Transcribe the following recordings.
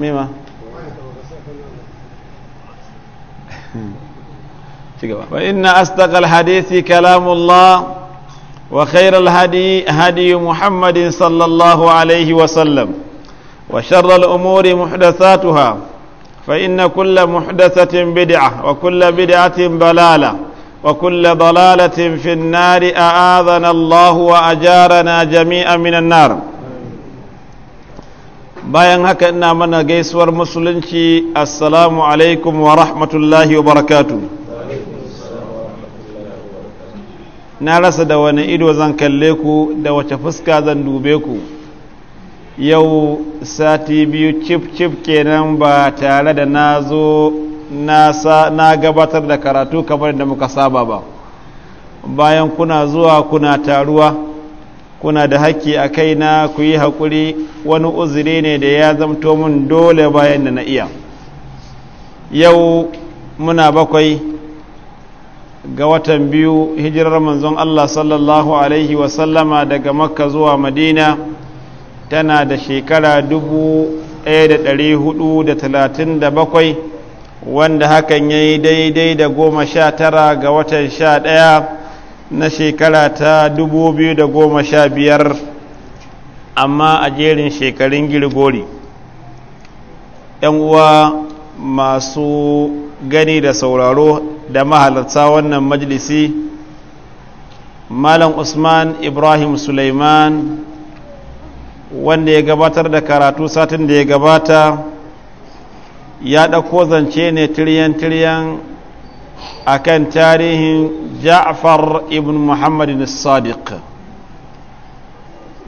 ميمة وإن أصدق الحديث كلام الله وخير الهدي هدي محمد صلى الله عليه وسلم وشر الأمور محدثاتها فإن كل محدثة بدعة وكل بدعة ضلالة وكل ضلالة في النار أعاذنا الله وأجارنا جميعا من النار bayan haka ina mana gaisuwar musulunci assalamu alaikum wa rahmatullahi wa barakatu na rasa da wani ido zan kalle ku da wace fuska zan dube ku yau sati biyu cif cif kenan ba tare da na zo na gabatar da karatu kamar da muka saba ba bayan kuna zuwa kuna taruwa kuna da haƙƙi a kai na ku yi haƙuri wani uzuri ne da ya zamto mun dole bayan da na iya yau muna bakwai ga watan biyu hijirar manzon Allah sallallahu alaihi wasallama daga makka zuwa madina tana da shekara dubu ɗaya da ɗari hudu da talatin da bakwai wanda hakan ya yi daidai da goma sha tara ga watan sha ɗaya na shekara ta 2015 amma a jerin shekarun girgori uwa masu gani da sauraro da mahalarta wannan majalisi malam usman ibrahim suleiman wanda ya gabatar da karatu satin da ya gabata ya ɗauko zance ne tiryan-tiryan akan tarihin ja'far ibn muhammadin sadiq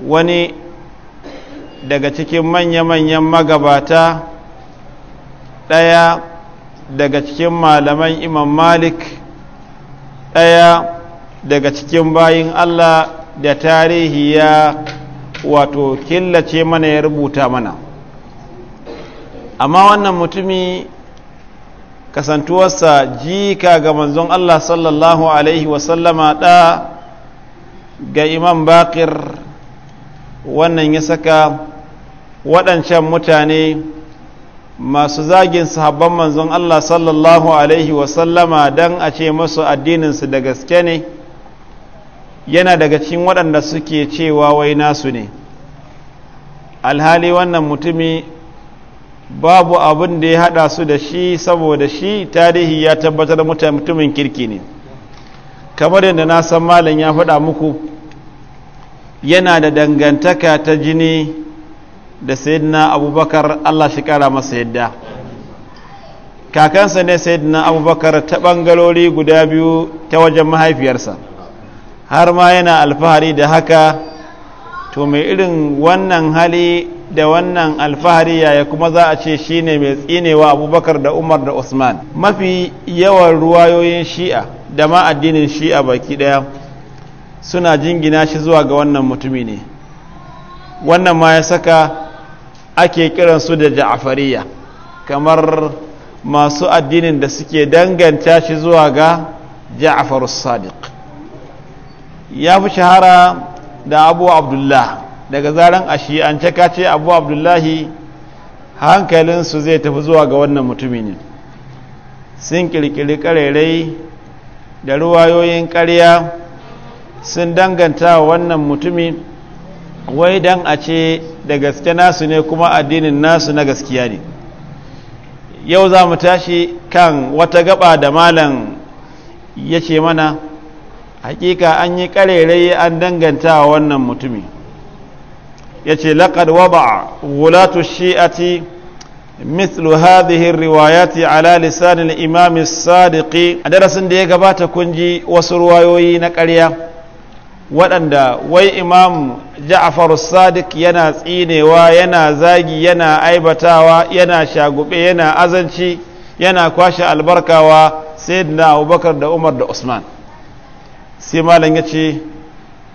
wani daga cikin manya-manyan magabata ɗaya daga cikin malaman imam malik ɗaya daga cikin bayin allah da tarihi ya wato killace mana ya rubuta mana amma wannan mutumi kasantuwarsa jika ga manzon Allah sallallahu alaihi wasallama ɗa ga imam bakir wannan ya saka waɗancan mutane masu zagin sahabban manzon Allah sallallahu alaihi wasallama don a ce masu addininsu da gaske ne yana daga cikin waɗanda suke cewa wai nasu ne alhali wannan mutumi babu abin da ya hada su da shi saboda shi tarihi ya tabbatar mutumin kirki ne kamar yadda na san malam ya faɗa muku yana da dangantaka ta jini da sayyidina abubakar allah shi kara masa yadda kakansa ne sayyidina abubakar ta ɓangarori guda biyu ta wajen mahaifiyarsa har ma yana alfahari da haka to mai irin wannan hali da wannan alfahari yaya kuma za a ce shi ne mai tsinewa abubakar da umar da usman mafi yawan ruwayoyin shi'a da ma addinin shi'a baki daya suna jingina shi zuwa ga wannan mutumi ne wannan ma ya saka ake kiransu da ja'afariya kamar masu addinin da suke danganta shi zuwa ga ja'afar sadiq ya fi shahara da abu abdullah daga zaran a shi'ance ka ce abu abdullahi hankalinsu zai tafi zuwa ga wannan mutumin ne sun kirkiri karerai da ruwayoyin karya sun danganta wannan mutumi wai don a ce da gaske nasu ne kuma addinin nasu na gaskiya ne yau za mu tashi kan wata gaba da malam ya ce mana hakika an yi karerai an danganta wannan mutumin. yace laqad wada'a wulatu mislu مثل هذه الروايات على لسان sadiƙi a darasin da ya gabata kun ji wasu ruwayoyi na ƙarya waɗanda wai imam ja'far sadiq yana tsinewa yana zagi yana aibatawa yana shagube yana azanci yana kwashe albarkawa sai da abubakar da umar da usman sai malam ya ce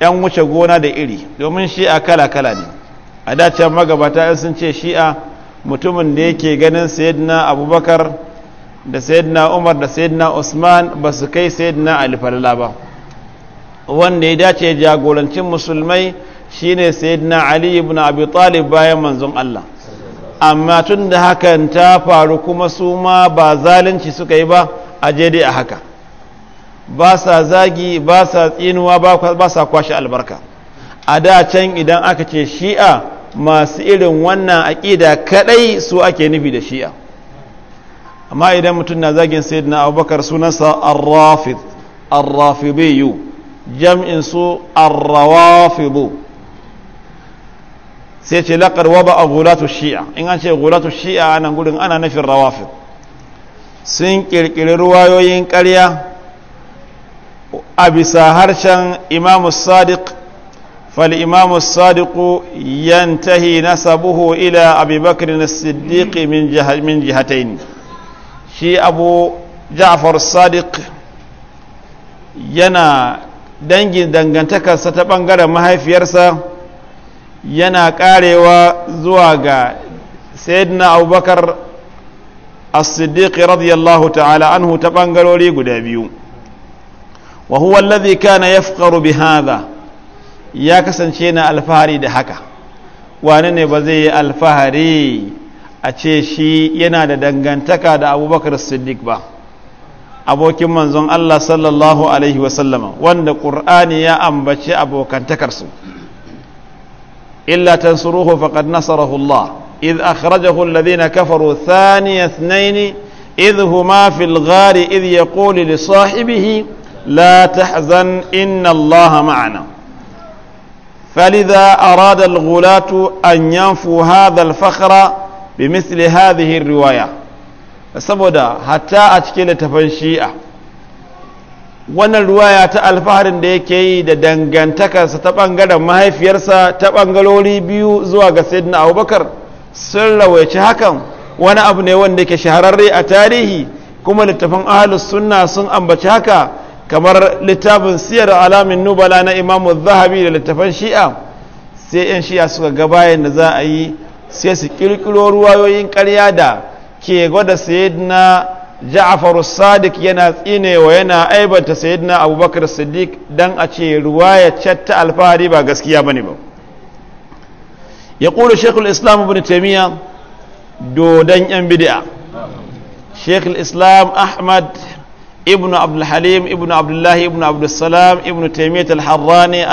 'yan wuce gona da iri domin shi a kala-kala ne a dacen magabata sun ce shi'a mutumin da yake ganin sayyidina abubakar da sayyidina umar da sayyidina usman ba su kai sayyidina ali ba wanda ya dace jagorancin musulmai shine sayyidina ali ibn abi talib bayan manzon Allah amma tun da hakan ta faru kuma su ma ba zalunci suka yi ba a je a haka ba sa zagi ba sa tsinuwa ba sa kwashe albarka a da can idan aka ce shi'a masu irin wannan aƙida kaɗai su ake nufi da shi'a amma idan mutum na zagin na abubakar sunansa arrafid arrafibiyu jam'in su arrawafibu sai ce laƙar waba a gulatu shi'a in an ce gulatu shi'a nan gudun ana nufin rawafid sun ƙirƙiri ruwayoyin ƙarya a bisa harshen imamu sadiq فالإمام الصادق ينتهي نسبه إلى ila بكر الصديق من جهة من جهتين شي أبو جعفر yana dangin dangantakarsa ta ɓangaren mahaifiyarsa yana ƙarewa zuwa ga sayyidina abubakar as-siddiq radiyallahu ta'ala anhu ta ɓangarori guda biyu wa huwa alladhi kana yafqaru bi hadha ya kasance na alfahari da haka wane ne ba zai yi alfahari a ce shi yana da dangantaka da abubakar siddiq ba abokin manzon Allah sallallahu alaihi wasallama wanda ƙur'ani ya ambaci abokantakarsu illa tansuruhu faqad nasarahu Allah idh akhrajahu alladhina kafaru thaniya ithnain idh huma fil ghari idh yaqulu li sahibihi la tahzan inna Allah ma'ana فلذا أراد الغلاة أن ينفوا هذا الفخر بمثل هذه الرواية saboda hatta a تفنشيئة shi'a wannan ruwaya ta alfaharin da yake yi da dangantakarsa ta ɓangaren mahaifiyarsa ta ɓangarori biyu zuwa ga sayyidina abubakar sun rawaici hakan wani abu ne wanda ke shahararre a tarihi kuma littafin ahalus sunna sun ambaci haka kamar littafin siyar alamin nubala na imamu zahabi da littafan shi'a sai 'yan shi'a suka gabayen da za a yi sai su kirkiro ruwayoyin karya da ke gwada sayidina ja'afar sadiq yana tsinewa yana aibata sayidina abubakar siddiq don a ce ruwaya catta alfahari ba gaskiya ne ba ya ƙura shekul islam ibn taimiyya dodon 'yan bidi'a shekul islam ahmad Ibnu عبد الحليم ابن Ibnu الله ابن عبد السلام ابن تيمية الحراني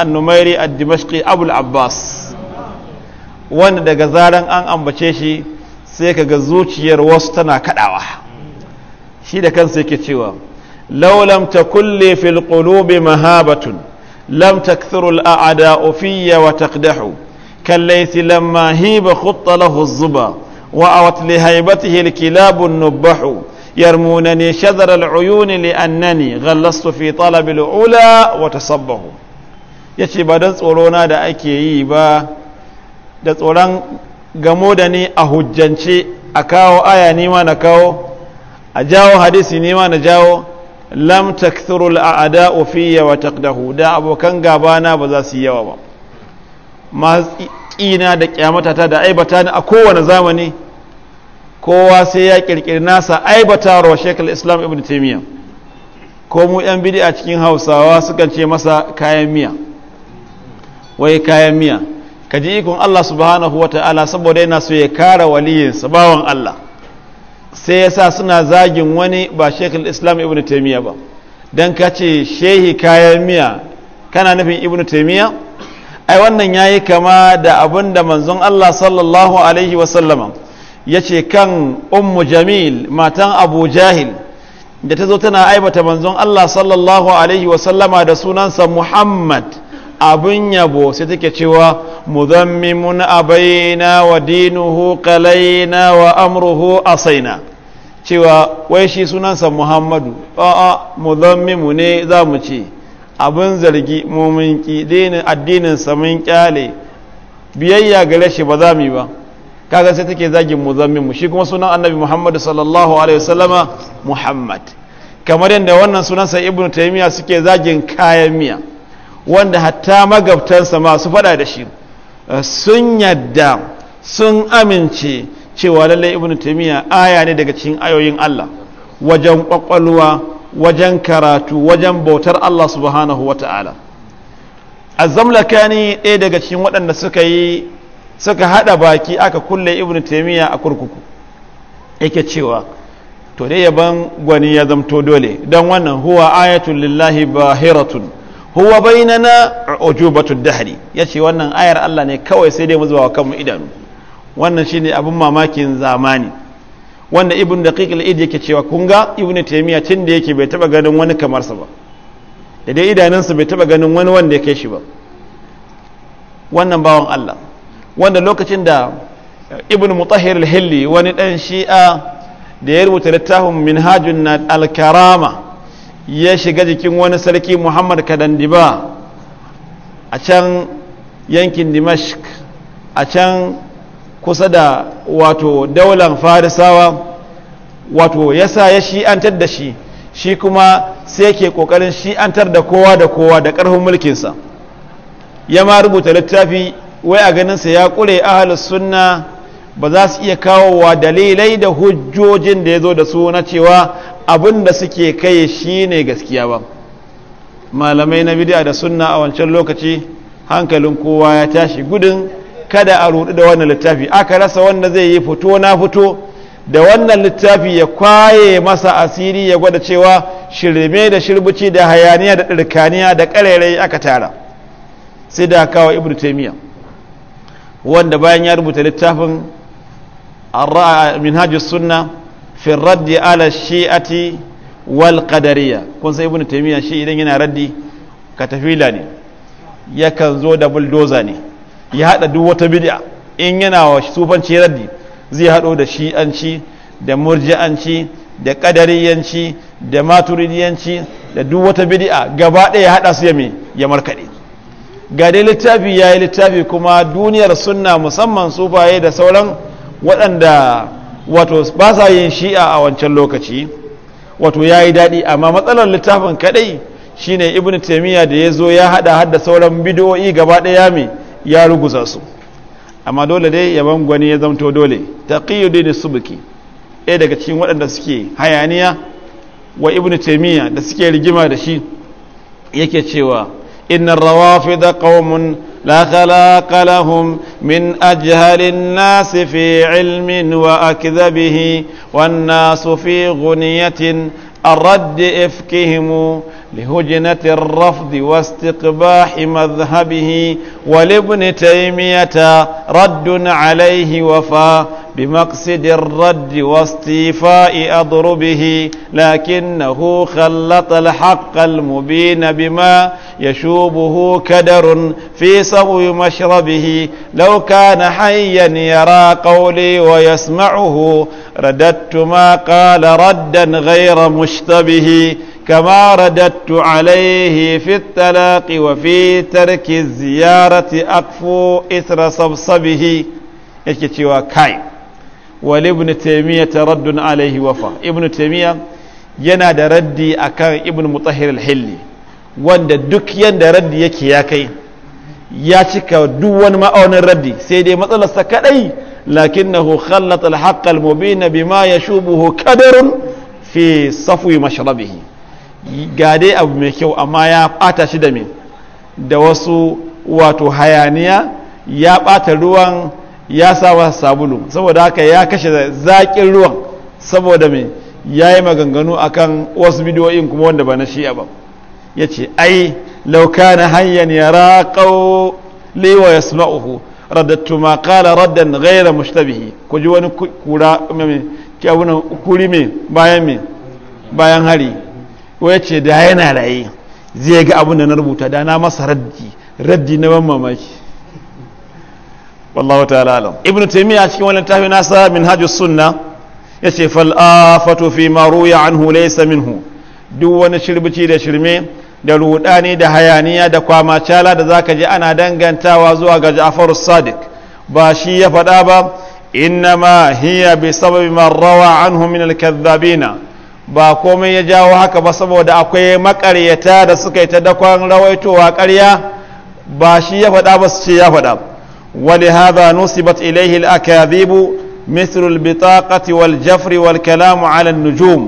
wanda daga zaran an ambace shi sai kaga zuciyar wasu tana kaɗawa. shi da kansa yake cewa law lam takulli fil qulubi mahabatun lam takthiru al a'da'u fiyya wa taqdahu kallaysi lamma hiba khutta lahu az-zuba wa awat li haybatihi al kilabu an-nubahu Yarmuna يرمونني شذر العيون لأنني غلست في طلب الأولى وتصبه yace ba don tsorona da ake yi ba da tsoron gamo da ni a hujjance a kawo aya nima na kawo a jawo hadisi nima na jawo lam takthuru al'ada fiyya wa taqdahu da abokan gabana ba za su yi yawa ba masu ƙina da ƙyamata da aibata ni a kowane zamani kowa sai ya kirkiri nasa aibatarwa shekul islam ibn taimiyya ko mu 'yan bidi a cikin hausawa sukan ce masa kayan miya wai kayan miya ka ji ikon allah subhanahu wa ta'ala saboda yana so ya kara waliyinsa bawan allah sai ya sa suna zagin wani ba shekul islam ibn taimiyya ba don ka ce shehi kayan miya kana nufin ibn taimiyya ai wannan ya yi kama da abin da manzon allah sallallahu alaihi wasallama ya ce kan ummu jamil matan abu jahil da ta zo tana aibata manzon Allah sallallahu alaihi wasallama da sunansa muhammad abin yabo sai take cewa mudammimun abaina wa dinuhu qalaina wa amruhu asaina cewa wai shi sunansa muhammadu a'a mudammimu ne za mu ce abin zargi mu mun ki addinin sa kyale biyayya gare shi ba za mu yi ba kaga sai take zagin muzammin mu shi kuma sunan annabi muhammad sallallahu alaihi wasallama muhammad kamar yadda wannan sunan sai ibnu taymiya suke zagin kayan miya wanda hatta magabtansa masu fada da shi eh, sun yadda sun amince cewa lallai ibnu taymiya aya ne daga cikin ayoyin Allah wajen kwakwalwa wajen karatu wajen bautar Allah subhanahu wata'ala azzamlakani ɗaya daga cikin waɗanda suka yi suka hada baki aka kulle ibn taimiyya a kurkuku yake cewa to dai yaban gwani ya zamto dole don wannan huwa ayatun lillahi bahiratun huwa bainana ujubatud dahri yace wannan ayar Allah ne kawai sai dai mu zuwa kanmu idanu wannan shine abin mamakin zamani wanda ibn daqiq al-id yake cewa kun ga ibn Taimiyya tun da yake bai taba ganin wani kamar ba da dai idanunsa bai taba ganin wani wanda ya kai shi ba wannan bawan Allah wanda lokacin da ibn mutahir al-hilli wani dan shi'a da ya rubuta littafin minhajun na al-karama ya shiga jikin wani sarki muhammad kadandiba a can yankin dimashq a can kusa da wato daular farisawa wato yasa ya shi'antar da shi shi kuma sai ke kokarin shi'antar da kowa da kowa da ƙarfin mulkinsa ya ma rubuta littafi wai a sa ya ƙure ahalus sunna ba za su iya kawowa dalilai da hujjojin da ya zo da su na cewa abin da suke kai shi ne gaskiya ba malamai na bidiya da sunna a wancan lokaci hankalin kowa ya tashi gudun kada a ruɗu da wannan littafi aka rasa wanda zai yi fito na fito da wannan littafi ya kwaye masa asiri ya gwada cewa shirme da shirbici da hayaniya da ɗirkaniya da ƙarerai aka tara sai da kawo ibnu wanda bayan ya rubuta littafin minhaji sunna firraddi ala shi'ati wal qadariyya kun sai ibnu taymiya shi idan yana raddi katafila ne yakan zo da buldoza ne ya hada duk wata bid'a in yana wa sufanci raddi zai hado da shi'anci da murji'anci da qadariyanci da maturidiyanci da duk wata bid'a gaba ɗaya ya hada su ya me ya markaɗe. ga dai littafi ya yi littafi kuma duniyar sunna musamman sufaye da sauran waɗanda wato ba sa yin shi'a a wancan lokaci wato ya yi daɗi amma matsalar littafin kaɗai shine ibn taimiyya da ya zo ya haɗa hadda sauran bidiyoyi gaba ɗaya mai ya ruguza su amma dole dai yaban gwani ya zamto dole ta su subki ɗaya daga cikin waɗanda suke hayaniya wa ibn taimiyya da suke rigima da shi yake cewa إن الروافد قوم لا خلاق لهم من أجهل الناس في علم وأكذبه والناس في غنية الرد إفكهم لهجنة الرفض واستقباح مذهبه ولابن تيمية رد عليه وفا بمقصد الرد واصطفاء أضربه لكنه خلط الحق المبين بما يشوبه كدر في صغو مشربه لو كان حيا يرى قولي ويسمعه رددت ما قال ردا غير مشتبه كما رددت عليه في الطلاق وفي ترك الزيارة أقفو إثر صبصبه yake cewa wal ibn ta raddun alaihi wafa ibn taymiya yana da raddi akan ibn mutahhir al-hilli wanda duk yanda raddi yake ya kai ya cika duk wani ma'aunin raddi sai dai matsalasta kadai lakin khallata al-haqq al-mubin bima yashubuhu qadarun fi safwi abu mai kyau amma ya bata shi da me da wasu wato hayaniya ya bata ruwan ya sa sabulu saboda haka ya kashe zaƙin ruwan saboda mai ya yi maganganu kan wasu bidiyoyin kuma wanda ba na shiya ba ya ce ai lauka na hanyar ya raƙau liwa ya uku raddattu ma ƙala raddan gaira mushtabihi ku ji wani kura kyawunan kuri mai bayan mai bayan hari ya ce da yana raye zai ga abin da na rubuta da na masa raddi raddi na ban mamaki wallahu ta'ala alam ibnu taymiya cikin wannan tafi nasa minhajus sunna yace fal afatu fi ma ruya anhu laysa minhu duk wani shirbici da shirme da rudani da hayaniya da kwamacala da zaka ji ana dangantawa zuwa ga Ja'far sadiq ba shi ya faɗa ba innama hiya bi sababi man rawa anhu min al-kadhabina ba komai ya jawo haka ba saboda akwai makaryata da suka yi ta dakon rawaitowa ƙarya ba shi ya faɗa ba su ce ya faɗa ولهذا نسبت إليه الأكاذيب مثل البطاقة والجفر والكلام على النجوم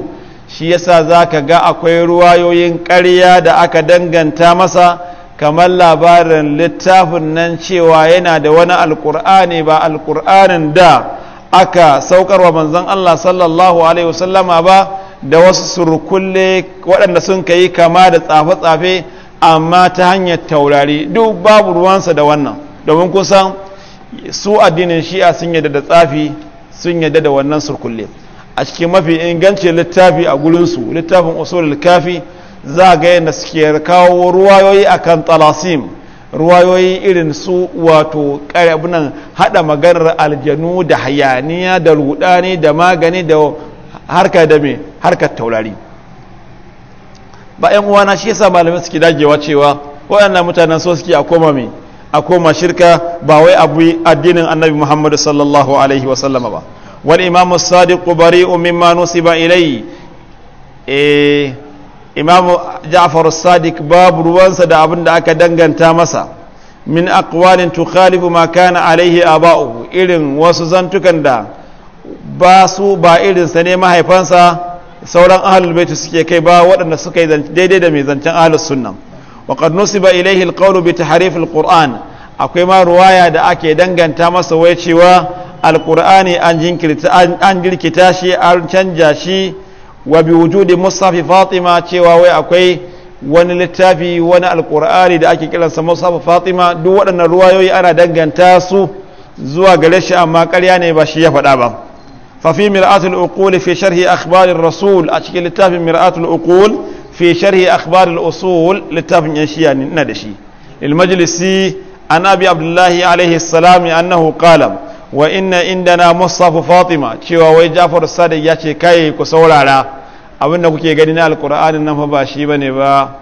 shi yasa za ka ga akwai ruwayoyin ƙarya da aka danganta masa kamar labarin littafin nan cewa yana da wani alƙur'ani ba alƙur'anin da aka saukarwa manzon Allah sallallahu alaihi wasallama ba da wasu surkulle waɗanda sun ka yi kama da tsafe-tsafe amma ta hanyar taurari duk babu ruwansa da wannan domin kusan su addinin shi'a sun yadda da tsafi sun yadda da wannan surkulle a cikin mafi inganci littafi a gurinsu littafin usulul kafi za ga yadda suke kawo ruwayoyi kan talasim ruwayoyi irin su wato karabunan hada maganar aljanu da hayaniya da rudani da magani da harka da me harkar taurari ba yan uwana shi yasa malamai suke dagewa cewa waɗannan mutanen so suke a koma mai a koma shirka ba wai abu addinin annabi muhammadu sallallahu alaihi wasallama ba wani imamu sadiqu bari'u mimma nusiba ilai e imamu ja'far sadiq babu ruwansa da abin da aka danganta masa min akwalin tukhalifu ma kana alaihi aba'uhu irin wasu zantukan da ba su ba irinsa ne mahaifansa sauran ahlul baiti suke kai ba waɗanda suka yi daidai da mai zancen ahlus sunnah wa qad nusiba ilayhi alqawlu bi tahrif alquran akwai ma ruwaya da ake danganta masa wai cewa Alƙur'ani an jinkirta girkita shi an canja shi wa bi wujudi mushaf fatima cewa wai akwai wani littafi wani Alƙur'ani da ake kiransa mushaf fatima duk waɗannan ruwayoyi ana danganta su zuwa gare shi amma ƙarya ne ba shi ya faɗa ba Fafi ففي مرآة العقول في شرح أخبار الرسول أشكل في مرآة العقول fi sharhi akhbar al-usul littafin yan shiya ina da shi lil majlisi an abi abdullahi alaihi salam annahu qala wa inna indana mushaf fatima cewa wai jafar sadiq ya ce kai ku saurara abinda kuke gani na alqur'anin nan fa ba shi bane ba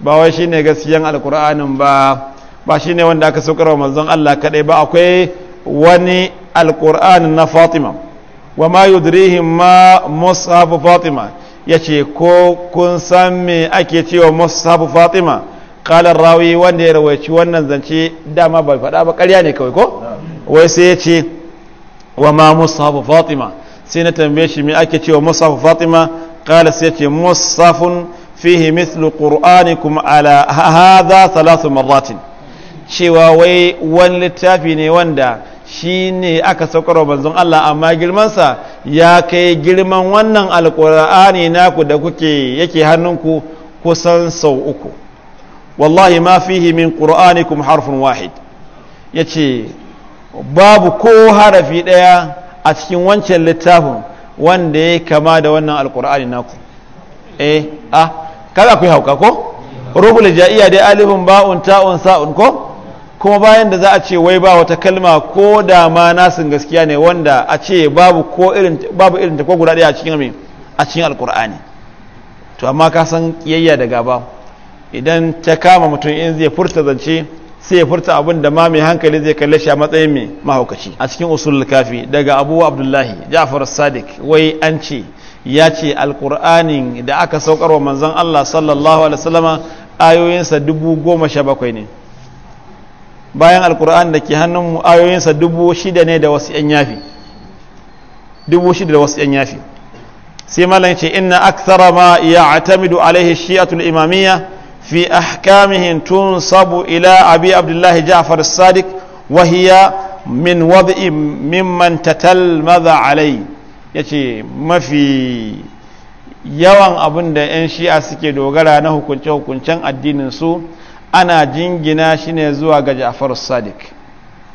ba wai shine gaskiyan alqur'anin ba ba shine wanda aka saukar wa manzon Allah kadai ba akwai wani alqur'anin na fatima wa ma yudrihim ma mushaf fatima ya ce ko kun san me ake cewa musahabu fatima kalar rawi wanda ya rawaici wannan zance dama bai faɗa ba karya ne kawai ko wai sai ya ce wa ma musahabu fatima sai na tambaye shi me ake cewa musahabu fatima kala sai ya ce musafun fihi mithlu kuma ala hadha thalath marratin cewa wai wani littafi ne wanda shi ne aka saukar manzon Allah amma girmansa ya kai girman wannan alkur'ani naku da kuke yake hannunku kusan sau uku wallahi ma fihi min qur'anikum harfin wahid yace babu ko harafi ɗaya a cikin wancan littafin wanda ya kama da wannan alkur'ani naku eh ah kada ku hauka ko rubul ja'iya dai alifun ba'un ta'un sa'un ko kuma bayan da za a ce wai ba wata kalma ko da ma nasin gaskiya ne wanda a ce babu ko irin babu irin ta ko guda ɗaya a cikin me a cikin alkur'ani to amma ka san kiyayya da gaba idan ta kama mutum in zai furta zance sai ya furta abin da ma mai hankali zai kalle shi a matsayin mai mahaukaci a cikin usul kafi daga abu abdullahi ja'far sadiq wai an ce ya ce alkur'ani da aka wa manzon allah sallallahu alaihi wasallama ayoyinsa dubu goma sha bakwai ne bayan alkur'ani da ke hannun mu ayoyinsa dubu shida ne da wasu yan yafi dubu shida da wasu yan yafi sai malam ce inna akthara ma ya'tamidu alaihi shi'atul imamiyya fi tun sabu ila abi abdullahi ja'far sadiq wa hiya min wad'i mimman tatalmadha alai yace mafi yawan abin da 'yan shi'a suke dogara na hukunce-hukuncen addinin su ana jingina shi ne zuwa ga ja'far sadiq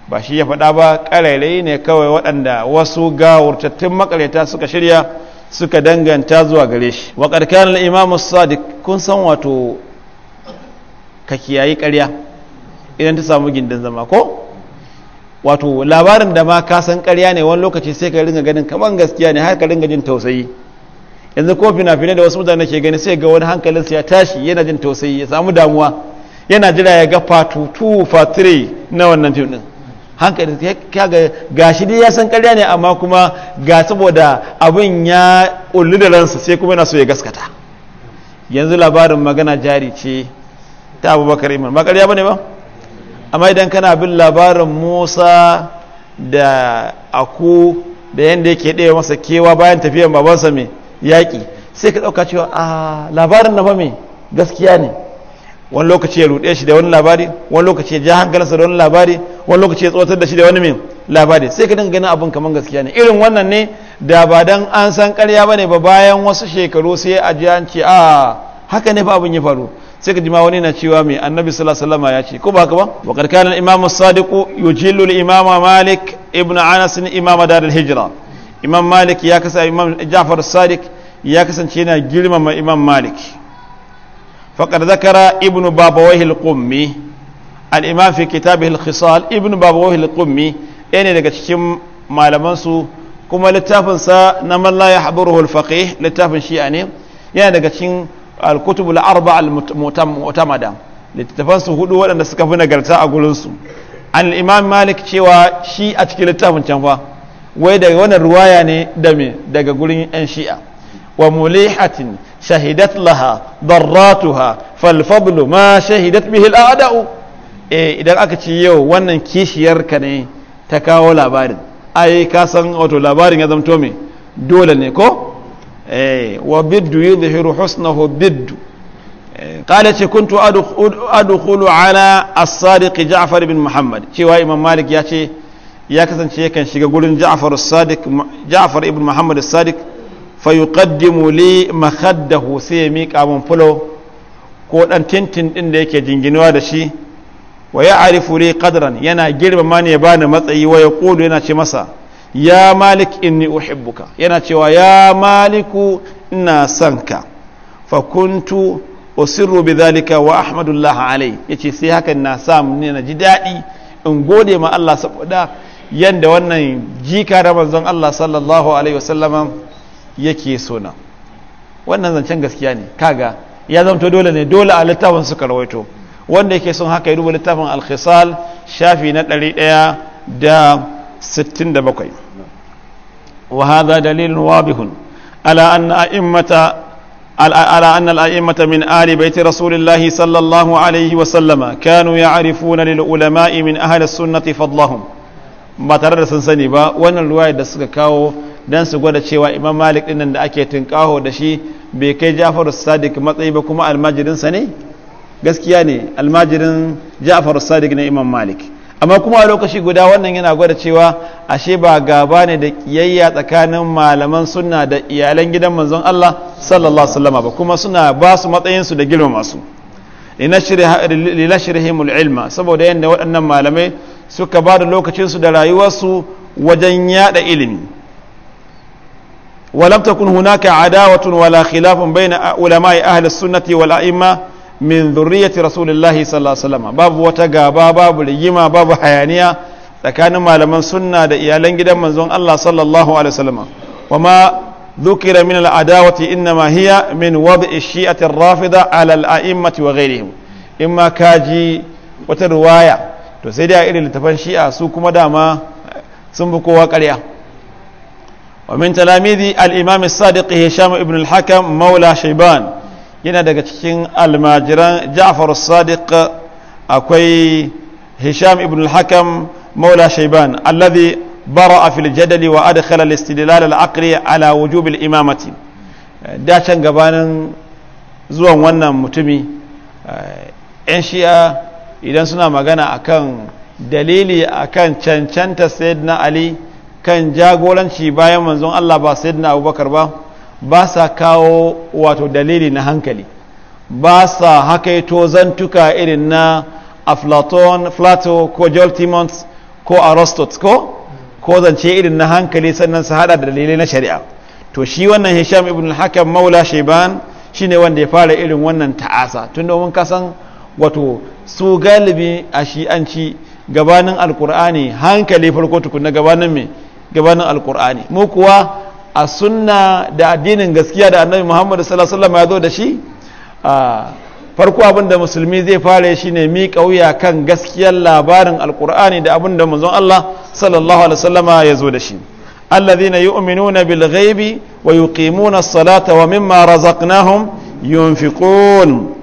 ba shi ya faɗa ba ƙarairai ne kawai waɗanda wasu gawurtattun makarata suka shirya suka danganta zuwa gare shi wa ƙarƙarar imamu sadiq kun san wato ka kiyayi ƙarya idan ta samu gindin zama ko wato labarin da ma ka san ƙarya ne wani lokaci sai ka ringa ganin kamar gaskiya ne har ka ringa jin tausayi yanzu ko fina-finai da wasu mutane ke gani sai ga wani su ya tashi yana jin tausayi ya samu damuwa yana jira ya ga fatu 2 part 3 na wannan fim din hankali kaga gashi dai ya san karya ne amma kuma ga saboda abin ya ulli da ransa sai kuma yana so ya gaskata yanzu labarin magana jari ce ta abubakar iman ba karya bane ba amma idan kana bin labarin musa da aku da yadda yake ɗaya masa kewa bayan tafiyan babansa mai yaƙi sai ka ɗauka cewa a ah, labarin na ba mai gaskiya ne wani lokaci ya ruɗe shi da wani labari wani lokaci ya ja hankalinsa da wani labari wani lokaci ya tsotar da shi da wani mai labari sai ka dinga ganin abin kamar gaskiya ne irin wannan ne da ba dan an san karya bane ba bayan wasu shekaru sai a ji an ce a haka ne ba abin ya faru sai ka ji wani na cewa mai annabi sallallahu alaihi wasallam ya ce ko ba ka ba wa qad Imamu al-imam as-sadiq yujillu al-imam malik ibn anas imam dar al-hijra imam malik ya kasance imam ja'far sadiq ya kasance yana girmama imam malik فقد ذكر ابن بابويه القمي الإمام في كتابه الخصال ابن بابويه القمي يعني لقد شم ما لمنسو كما لتافن سا نمن لا يحضره الفقيه لتافن شيء يعني يعني لقد شم الكتب الأربعة المعتمدة لتتفن سهود وأن سكفنا قلتا أقول عن الإمام مالك شوى شيء أتكي لتافن شنفا ويدا يوانا رواية دمي دقا قولين أن شيئا ومليحة shahidat lahaa daratu ha fal falu ma shahidat bihi la da'u idan aka ciyayewa wannan kishiyar ka ne ta kawo labarin ai kasan woto labarin ya dama dole ne ko wa biddu ya da hiru husnu ce kuntu adu a duk as sadiqi jaafar bin muhammad cewa a iya malik ya ce ya kasance kan shiga gulin jafar bin muhammad da sadiq. fa li makhaddahu sai ya miƙa min fulo ko ɗan tintin ɗin da yake jinginuwa da shi wa ya arifu li qadran yana girmama ne ya bani matsayi wa ya yana ce masa ya malik inni uhibbuka yana cewa ya maliku ina sanka. ka fa kuntu usirru dhalika wa ahmadullah alai yace sai haka na sam ni na ji daɗi in gode ma Allah saboda yanda wannan jika da manzon Allah sallallahu alaihi wasallama yake sona wannan zancen gaskiya ne kaga ya zamto dole ne dole a littafin suka rawaito wanda yake son haka ya duba littafin alkhisal shafi na 167 wa hadha dalilun wabihun ala anna a'immata على أن الأئمة من آل بيت رسول الله صلى الله عليه وسلم كانوا يعرفون للعلماء من أهل السنة فضلهم ba tare da sansani ba wannan ruwaya da suka kawo dan su gwada cewa imam malik dinnan da ake tunkaho da shi bai kai jafaru sadiq matsayi ba kuma almajirinsa ne gaskiya ne almajirin jafaru sadiq na imam malik amma kuma a lokaci guda wannan yana gwada cewa ashe ba gaba ne da kiyayya tsakanin malaman sunna da iyalan gidan manzon Allah sallallahu alaihi wasallam ba kuma suna ba su matsayin su da girmama su linashrihimul ilma saboda yadda waɗannan malamai suka ba da lokacin da rayuwarsu wajen yada ilimi ولم تكن هناك عداوة ولا خلاف بين علماء أهل السنة والأئمة من ذرية رسول الله صلى الله عليه وسلم باب وتقابا باب ليما باب حيانية لكان ما لمن سنة إيالين جدا من زون الله صلى الله عليه وسلم وما ذكر من العداوة إنما هي من وضع الشيعة الرافضة على الأئمة وغيرهم إما كاجي وترواية to sai dai a irin littafan shi'a su kuma dama sun bi kowa ƙarya ومن تلاميذ الإمام الصادق هشام ابن الحكم مولى شيبان ينا daga cikin almajiran Ja'far as-Sadiq akwai Hisham ibn al-Hakam مولى شيبان الذي برأ في الجدل وأدخل الاستدلال العقلي على وجوب الإمامة da can gabanin zuwan wannan mutumi 'yan shi'a idan suna magana akan dalili akan cancanta sayyidina ali kan jagoranci bayan manzon Allah ba sayyidina Abubakar ba ba sa kawo wato dalili na hankali ba sa hakaito zantuka irin na Aflaton, flato ko Joltimont ko Arostot ko ko zance irin na hankali sannan su hada da dalilai na shari'a to shi wannan Hisham ibn al-Hakam Maula shi shine wanda ya fara irin wannan ta'asa tun domin kasan wato su galibi a shi'anci gabanin alkur'ani hankali farko tukuna gabanin mai gabanin alkur'ani mu kuwa a sunna da addinin gaskiya da annabi muhammadu sallallahu alaihi wasallam ya zo da shi a farko abin da musulmi zai fara shi ne mi kauya kan gaskiyar labarin alkur'ani da abin da manzon Allah sallallahu alaihi wasallam ya zo da shi alladhina yu'minuna bil ghaibi wa yuqimuna as-salata wa mimma razaqnahum yunfiqun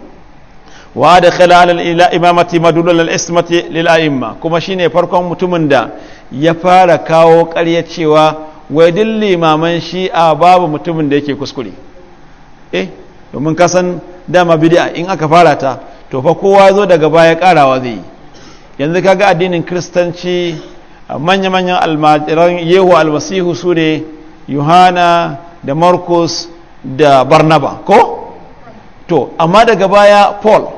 wa adkhala al ila imamati madulul al-ismati lil a'imma kuma shine farkon mutumin da ya fara kawo ƙarya cewa wai duk limaman a babu mutumin da yake kuskure eh domin kasan dama bid'a in aka fara ta to fa kowa zo daga baya karawa zai yi yanzu kaga addinin kristanci manya-manyan almajiran yehu almasihu su ne yohana da Markus da barnaba ko to amma daga baya paul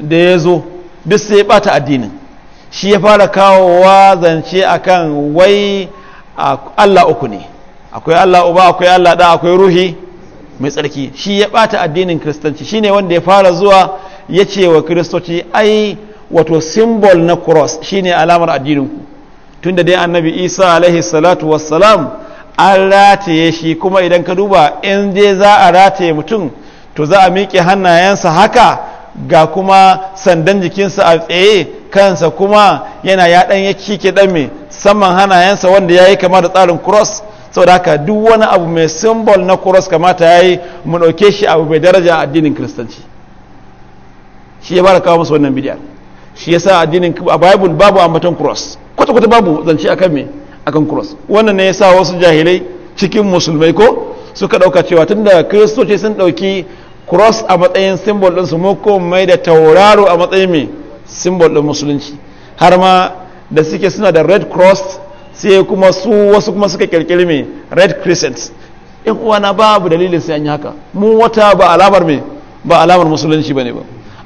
da ya zo duk sai ya bata addinin shi ya fara kawowa zance akan wai Allah uku ne akwai Allah uba akwai Allah da akwai ruhi mai tsarki shi ya bata addinin kristanci ne wanda ya fara zuwa ya ce wa kristoci ai wato symbol na cross ne alamar addininku tunda dai annabi isa alaihi salatu wassalam an rataye shi kuma idan ka duba in dai za a rataye mutum to za a miƙe hannayensa haka ga kuma sandan jikinsa a tsaye kansa kuma yana ya dan yake ke ɗan me saman hanayensa wanda yayi kama da tsarin cross saboda haka duk wani abu mai simbol na cross kamata yayi mu dauke shi abu mai daraja a addinin kristanci shi ya bada kawo musu wannan bidiyar shi yasa addinin a bible babu ambaton cross kwata kwata babu zance akan me akan cross wannan ne yasa wasu jahilai cikin musulmai ko suka ɗauka cewa tunda kristoci sun ɗauki. cross a matsayin symbol ɗin su mai da tauraro a matsayin mai symbol ɗin musulunci har ma da suke suna da red cross sai kuma su wasu kuma suka kirkiri mai red crescent yan uwana babu dalilin sai an yi haka mu wata ba alamar mai ba alamar musulunci ba ne ba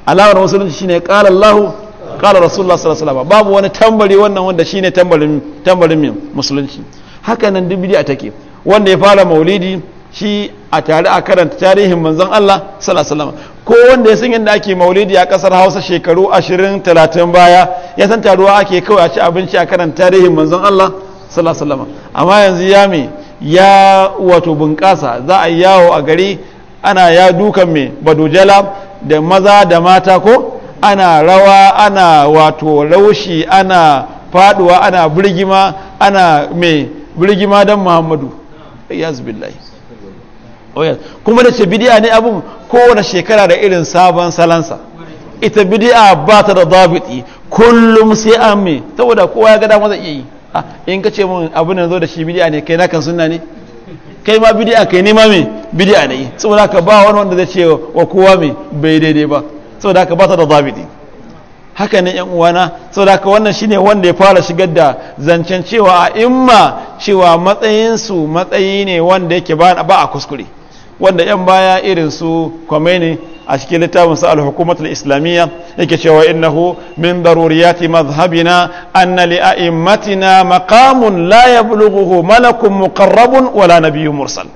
alamar musulunci shine kala Allah kala rasulullah sallallahu babu wani tambari wannan wanda shine tambarin tambarin musulunci haka nan duk a take wanda ya fara maulidi shi a tare a karanta tarihin manzon Allah sallallahu ko wanda ya san yadda ake maulidi a kasar Hausa shekaru 20 30 baya ya san taruwa ake kawai a ci abinci a karanta tarihin manzon Allah sallallahu amma yanzu ya me ya wato bunƙasa za a yawo a gari ana ya dukan me badujala da maza da mata ko ana rawa ana wato laushi ana faduwa ana birgima ana me birgima dan Muhammadu iyaz oya kuma da ce bidiya ne abin kowane shekara da irin sabon salansa ita bidiya ba ta da zabiti kullum sai an me saboda kowa ya ga maza iya yi ah, in ka ce mun abin da zo da shi bidiya ne kai na kan sunna ne kai ma bidiya kai nema ma me bidiya ne saboda ka ba wani wanda zai ce wa kowa me bai daidai ba saboda ka ba ta da zabiti haka ne yan uwana saboda ka wannan shine wanda ya fara shigar da zancen cewa a imma cewa matsayinsu matsayi ne wanda yake ba a kuskure wanda yan baya irin su Khomeini a cikin littafin sa al-hukumatul islamiyya yake cewa innahu min daruriyati madhhabina anna li a'immatina maqamun la yablughuhu malakun muqarrabun wala nabiyyun mursal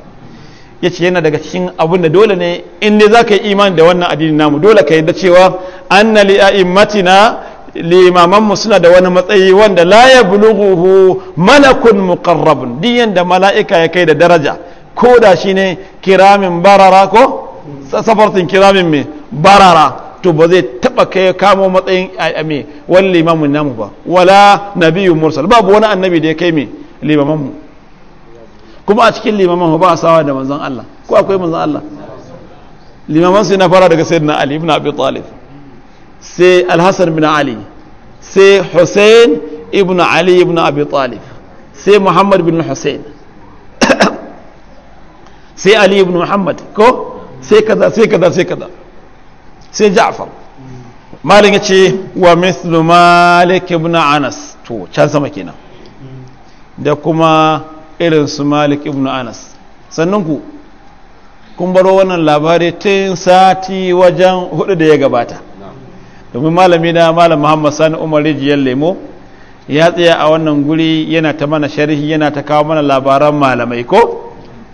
yace yana daga cikin abin da dole ne in dai zaka yi imani da wannan addini namu dole ka yarda cewa anna li a'immatina mu suna da wani matsayi wanda la yablughuhu malakun muqarrabun diyan da mala'ika ya kai da daraja ko da shi ne kiramin barara ko safartin kiramin mai barara to ba zai taba kai kamo matsayin ayyami wani limamun namu ba wala nabiyu mursal babu wani annabi da ya kai mai limaman mu kuma a cikin limaman mu ba a sawa da manzan Allah ko akwai manzan Allah limaman sai na fara daga sayyidina Ali ibn Abi Talib sai Alhassan bin Ali sai Hussein ibn Ali ibn Abi Talib sai Muhammad bin Hussein sai ali ibn muhammad ko sai kaza sai kaza sai kaza sai ja'far malin ya ce wa mislu malik ibn anas to can sama kenan da kuma irin su malik ibn anas sannan ku kun baro wannan labari tun sati wajen hudu da ya gabata domin malami da malam muhammad sani umar rijiyar lemo ya tsaya a wannan guri yana ta mana sharhi yana ta kawo mana labaran malamai ko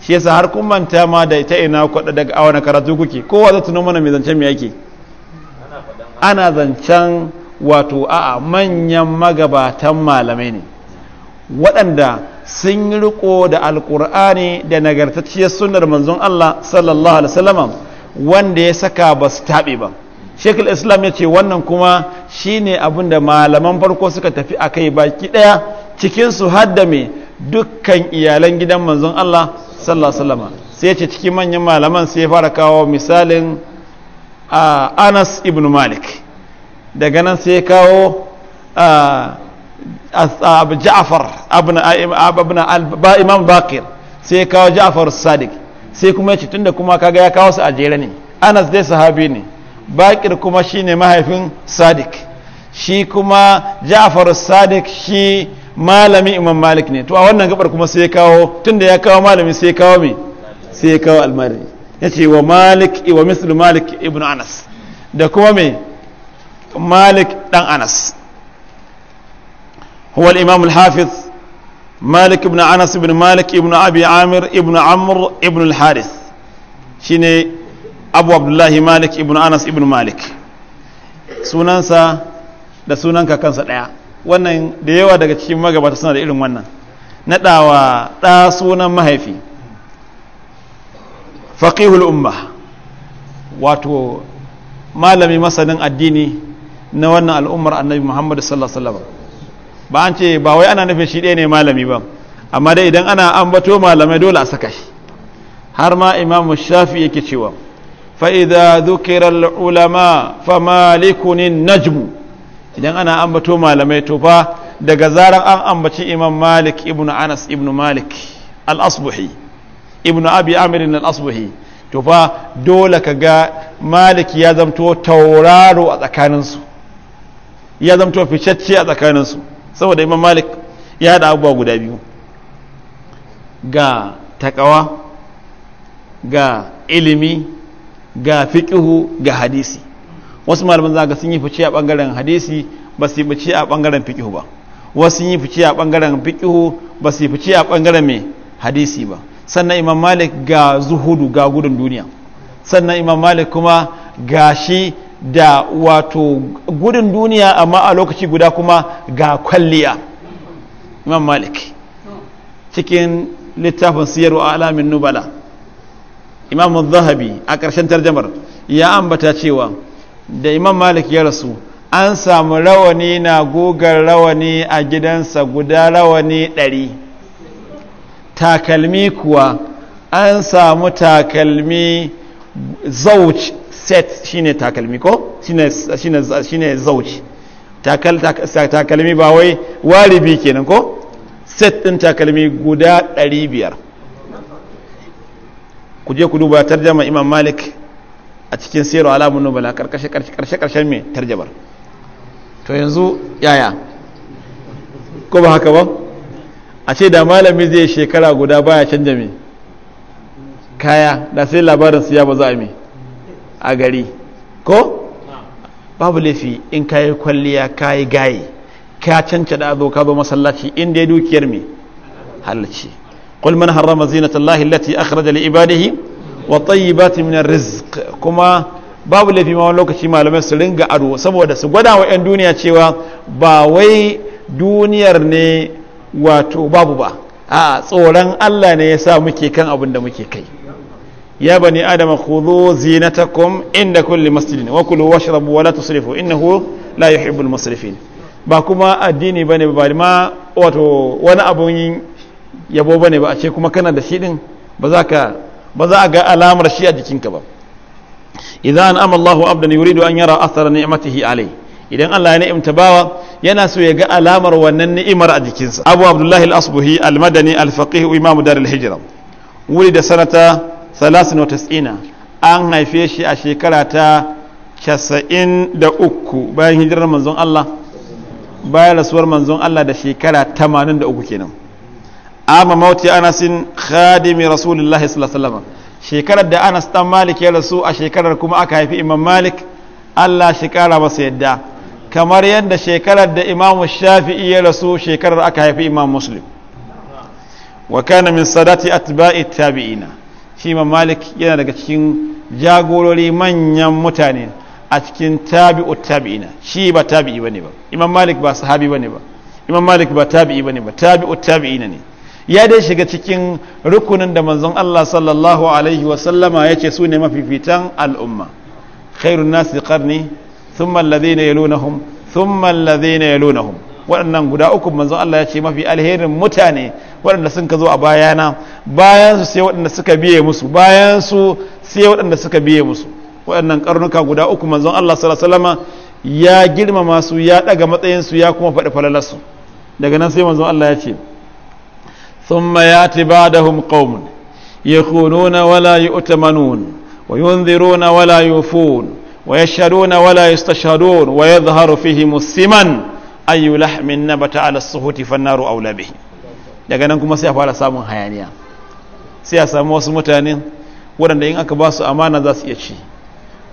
shi yasa har kun manta ma da ita ina kwada daga awa na karatu kuke kowa zai tuno mana mai zancen me yake ana zancen wato a'a manyan magabatan malamai ne waɗanda sun yi riko da alkur'ani da nagartacciyar sunnar manzon Allah sallallahu alaihi wasallam wanda ya saka ba su taɓe ba shekul islam ya ce wannan kuma shine abin da malaman farko suka tafi a kai baki ɗaya cikinsu hadda dukkan iyalan gidan manzon Allah sallallahu sai ce cikin manyan malaman sai fara kawo misalin a anas ibn malik daga nan sai a ja'afar ja'far imam bakir sai kawo ja'far sadiq sai kuma ce ce tunda kuma kaga ya kawo su a jere ne anas dai sahabi ne bakir kuma shine mahaifin sadiq shi kuma ja'far sadiq shi malami imam malik ne to a wannan gabar kuma sai kawo kawo tunda ya kawo malami sai kawo me sai kawo kawo ya ce wa malik wa mislu malik ibnu anas da kuma me malik dan anas huwa al-imam al-hafiz malik ibn anas ibn malik ibn abi amir ibn amr ibn al-harith shine abu abdullahi malik ibn anas ibn malik sunansa da sunan kakansa daya wannan da yawa daga cikin magabata suna da irin wannan naɗawa ɗa sunan mahaifi faƙihul umma wato malami masanin addini na wannan al'ummar annabi muhammadu sallallahu ba an ce ba wai ana nufin shi ɗaya ne malami ba amma dai idan ana ambato malamai dole a saka shi har ma imamu shafi yake cewa fa'iza zukirar ulama fa malikunin najmu idan ana ambato malamai to fa daga zarar an ambaci imam malik ibnu anas ibnu malik al-asbuhi ibnu abi amir al-asbuhi to fa dole ka ga malik ya zamto tauraro a tsakaninsu ya zamto ficacce a tsakaninsu saboda imam malik ya da abubuwa guda biyu ga takawa ga ilimi ga fiƙihu ga hadisi wasu malaman za ga sun yi fice a bangaren hadisi ba su yi fice a bangaren fikihu ba wasu sun yi fice a bangaren fikihu ba su yi fice a bangaren mai hadisi ba sannan imam malik ga zuhudu ga gudun duniya sannan imam malik kuma ga shi da wato gudun duniya amma a lokaci guda kuma ga kwalliya imam malik cikin littafin siyarwa alamin nubala imam zahabi a ƙarshen tarjamar ya ambata cewa da imam malik ya rasu an samu rawani na gugar rawani a gidansa guda rawani ɗari takalmi kuwa an samu takalmi zauci set shine takalmi ko shine zauci takalmi ba wai walibi kenan ko set ɗin takalmi guda biyar ku je ku duba tarjama imam malik a cikin sirru alamun nubala karshe karshen mai tarjabar to yanzu yaya ko ba haka ba a ce da malami zai shekara guda baya canja mai kaya da sai labarin su ya ba za a mai a gari ko babu laifi in ka kwalliya kayi yi gaye ka canca da azo ka zo masallaci inda ya dukiyar mai halarci قل من حرم زينة الله التي أخرج wa tayyibati min rizq kuma babu laifi ma lokaci malamai su ringa ado saboda su gwada wa 'yan duniya cewa ba wai duniyar ne wato babu ba a tsoron Allah ne ya sa muke kan abin da muke kai ya bani adama khudhu zinatakum inda kulli masjidin wa kulu washrabu wa la tusrifu innahu la yuhibbul musrifin ba kuma addini bane ba ma wato wani abun yabo bane ba a ce kuma kana da shi din ba za ka ba za a ga alamar shi a jikinka ba idan an amallahu abdan yuridu an yara asar ni'matihi alai idan Allah ya ni'imta bawa yana so ya ga alamar wannan ni'imar a jikinsa abu abdullahi al-asbuhi al-madani al-faqih imam dar al-hijra wuri da sanata 93 an haife shi a shekara ta 93 bayan hijirar manzon Allah bayan rasuwar manzon Allah da shekara 83 kenan amma mauti anasin khadimi rasulullahi sallallahu alaihi wasallam shekarar da anas dan malik ya rasu a shekarar kuma aka haifi imam malik allah shi kara masa yadda kamar yadda shekarar da imam shafi'i ya rasu shekarar aka haifi imam muslim wa kana min sadati atba'i tabi'ina shi imam malik yana daga cikin jagorori manyan mutane a cikin tabi'u tabi'ina shi ba tabi'i bane ba imam malik ba sahabi bane ba imam malik ba tabi'i bane ba tabi'u tabi'ina ne ya dai shiga cikin rukunin da manzon Allah sallallahu alaihi wasallama ya ce su ne mafifitan al'umma khairun nasi qarni thumma alladhina yalunahum thumma alladhina yalunahum waɗannan guda uku manzon Allah ya ce mafi alherin mutane waɗanda sun ka zo a bayana bayan su sai waɗanda suka biye musu bayan su sai waɗanda suka biye musu waɗannan karnuka guda uku manzon Allah sallallahu alaihi ya girmama su ya daga matsayin su ya kuma faɗi falalarsu daga nan sai manzon Allah ya ce ثم يأتي بعدهم قوم يخونون ولا يؤتمنون وينذرون ولا يوفون ويشهدون ولا يستشهدون ويظهر فيهم الثمن أي لحم نبت على الصهوت فالنار أولى به daga nan kuma sai fara samun hayaniya sai wasu mutane waɗanda in aka basu amana zasu iya ci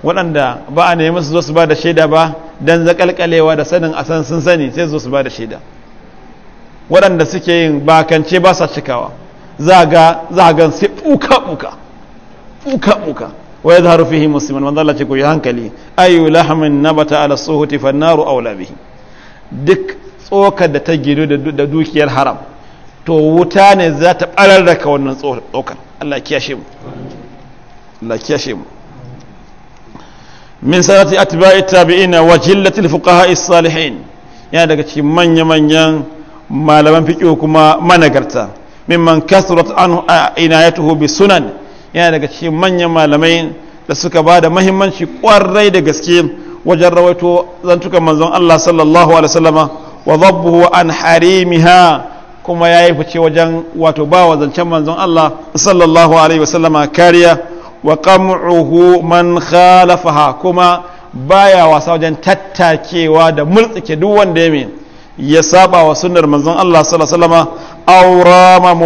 waɗanda ba a nemi su zo ba da shaida ba don da sanin asan sun sani sai zo ba da shaida waɗanda suke yin bakance ba sa cikawa zaga zagan sai ɓuka ɓuka buka buka wa fihi musliman manzo ce ku yi hankali ayu lahmin nabata ala suhuti fan naru aula bihi duk tsokar da ta gido da dukiyar haram to wuta ne za ta ka wannan tsokar Allah kiyashe mu Allah kiyashe mu min sanati atba'i tabi'ina wa jillati al-fuqaha as-salihin yana daga cikin manya-manyan malaman fiƙo kuma managarta mimman kasrat an inayatuhu bi sunan yana daga cikin manyan malamai da suka ba da mahimmanci kwarai da gaske wajen rawaito zantukan manzon Allah sallallahu alaihi wasallama wa dhabbuhu an harimiha kuma yayi fice wajen wato ba wa zancen manzon Allah sallallahu alaihi wasallama kariya wa qam'uhu man khalafaha kuma baya wasa wajen tattakewa da multsike duk wanda ya ya saba wa sunnar manzon Allah sallallahu aurama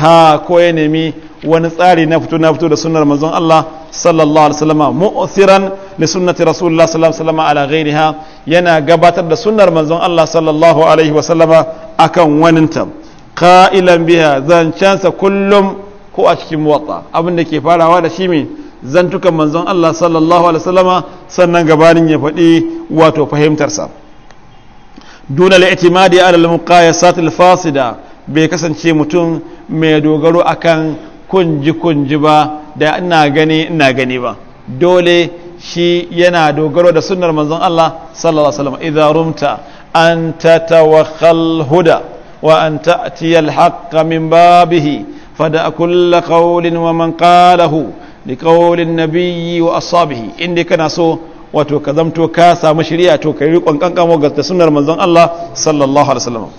ha ko ya nemi wani tsari na fito na fito da sunnar manzon Allah sallallahu alaihi wasallam mu'thiran li sunnati rasulullah sallallahu alaihi wasallam ala ghairiha yana gabatar da sunnar manzon Allah sallallahu alaihi wasallam akan waninta qailan biha zancansa kullum ko a cikin muwatta abin da ke farawa da shi mai zantukan manzon Allah sallallahu alaihi wasallam sannan gabanin ya faɗi wato fahimtarsa duna la itimadi ala al-muqayasat al-fasida bai kasance mutum mai dogaro akan kunji kunji ba da ina gani ina gani ba dole shi yana dogaro da sunnar manzon Allah sallallahu alaihi wasallam idza rumta an tatawakhal huda wa an ta'ti al-haqq min babihi fada kullu qawlin wa man qalahu liqawli an-nabiyyi wa ashabihi inda kana so wato ka zamto ka samu shari'a to kai riƙon kankamo ga sunnar manzon Allah sallallahu alaihi wasallam